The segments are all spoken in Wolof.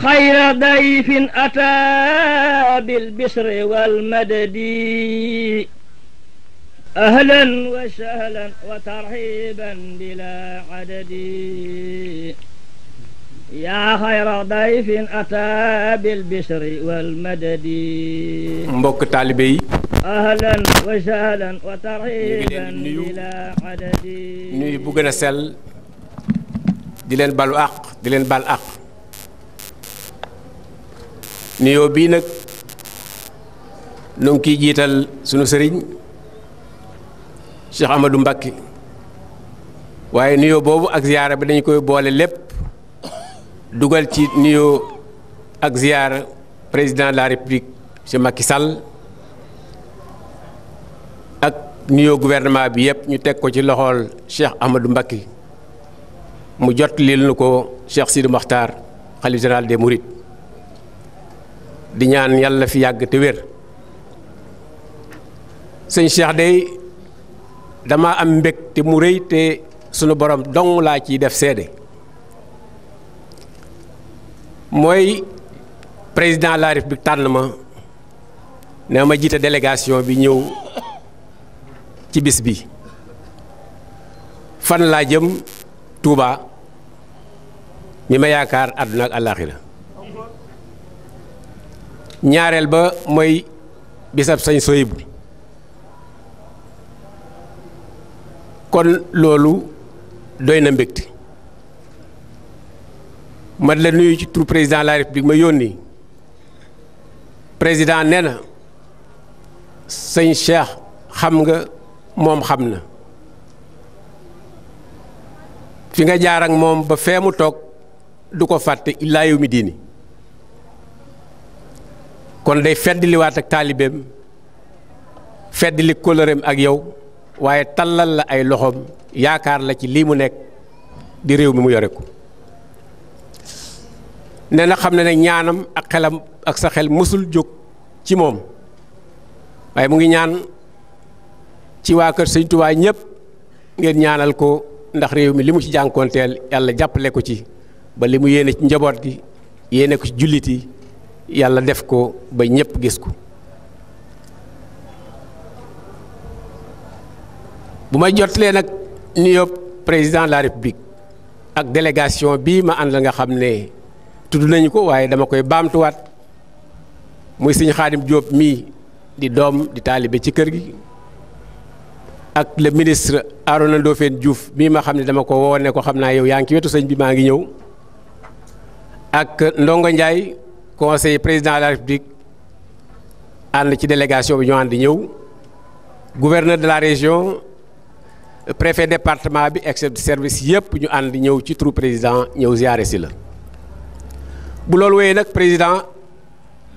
خير ضيف أتى بالبسر والمدد أهلا وسهلا وترحيبا بلا عدد yaa xayra dayfin ata bil bisri wal madadi mbokk taalibe yi ahlan wa sahlan wa tarhiban bila adadi nuyu bu gën a sell di leen balu àq di leen bal àq nuyoo bii nag nu ngi kiy jiital sunu sëriñ Cheikh Amadou Mbacke waaye nuyoo boobu ak ziyaara bi dañ koy boole lépp dugal ci nuyoo ak ziyaara président de la république monsieur Macky Sall ak nuyoo gouvernement bi yëpp ñu teg ko ci loxool Cheikh Amadou Mbacke mu jot lil nu ko Cheikh Sidi Mokhtar xalif général des Mourides di ñaan yàlla fi yàgg te wér sëñ Cheikh day dama am mbégte mu rëy te sunu borom dong laa ciy def seede mooy président de la république tànn ma ne ma jiite délégation bi ñëw ci bis bi fan laa jëm Touba mi ma yaakaar àdduna ak àllaaxira ñaareel ba mooy bisab sañ soyibu kon loolu doy na mbégte man la nuyu ci tur président de la république ma yónni président nee na sëñ Cheikh xam nga moom xam na fi nga jaar moom ba fee mu toog du ko fàtte illaa yow diini kon day feddliwaat ak taalibeem feddli kóllëreem ak yow waaye tallal la ay loxoom yaakaar la ci lii mu nekk di réew mi mu yore ko nee na xam ne ne ñaanam ak xelam ak sa xel mësul jóg ci moom waaye mu ngi ñaan ci waa kër Sëñ Tuubaa ñëpp ngeen ñaanal ko ndax réew mi li mu ci jànkoonteel yàlla jàppale ko ci ba li mu yéene ci njaboot gi yéene ko ci jullit yi yàlla def ko ba ñépp gis ko bu may jotalee nag nuyoo président la république ak délégation bii ma àndal nga xam ne tudd nañ ko waaye dama koy baamtuwaat muy sëñ Xaadim Diop mii di doom di taalibe ci kër gi ak le ministre Arona Ndofène juuf mii ma xam ne dama ko woo ko xam naa yow yaa ngi ci wetu sañ bi maa ngi ñëw ak Ndongo Ndiaye. conseiller président la république ànd ci délégation bi ñu ànd ñëw gouverneur de la région préfet département bi ex service yëpp ñu ànd ñëw ci turu président ñëw ziare si la bu loolu wéyee nag président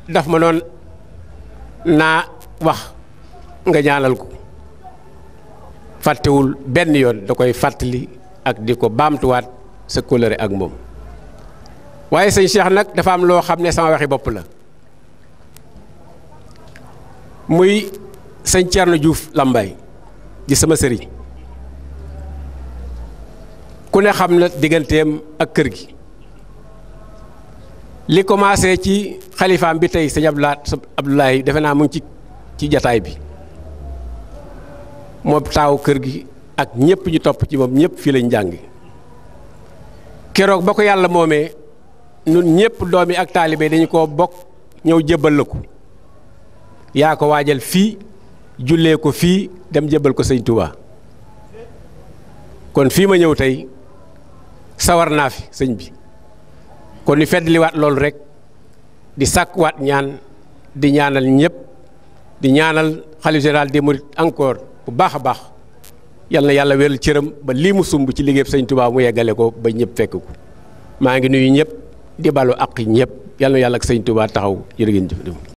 daf ma noon naa wax nga ñaanal ko fàttewul benn yoon da koy fàttali ak di ko baamtuwaat sa kóllëre ak moom waaye sëñ Cheikh nag dafa am loo xam ne sama waxi bopp la muy sëñ Thierno Diouf Lambaye di sama sëriñ ku ne xam na digganteem ak kër gi li commencé ci xalifaam bi tey sëñ Abdoulaye defe naa mu ci ci jataay bi moom taawu kër gi ak ñëpp ñu topp ci moom ñëpp fii lañ jàng keroog ba ko yàlla moomee. nun ñëpp doom yi ak taalibe dañu koo bokk ñëw jébbal la ko yaa ko waajal fii jullee ko fii dem jébbal ko sëñ Touba kon fii ma ñëw tey sawar naa fi sëñ bi kon li feddliwaat loolu rek di sàkkuwaat ñaan di ñaanal ñëpp di ñaanal xalif général des mourides encore bu baax a baax yal na yàlla wéral cëram ba lii mu sumb ci liggéeyam sëñ Touba mu yeggale ko ba ñëpp fekk ko maa ngi nuyu ñëpp. di balu ak ñëpp yal na yàlla ak sëñ Tuubaa taxaw jërë ngeen jëf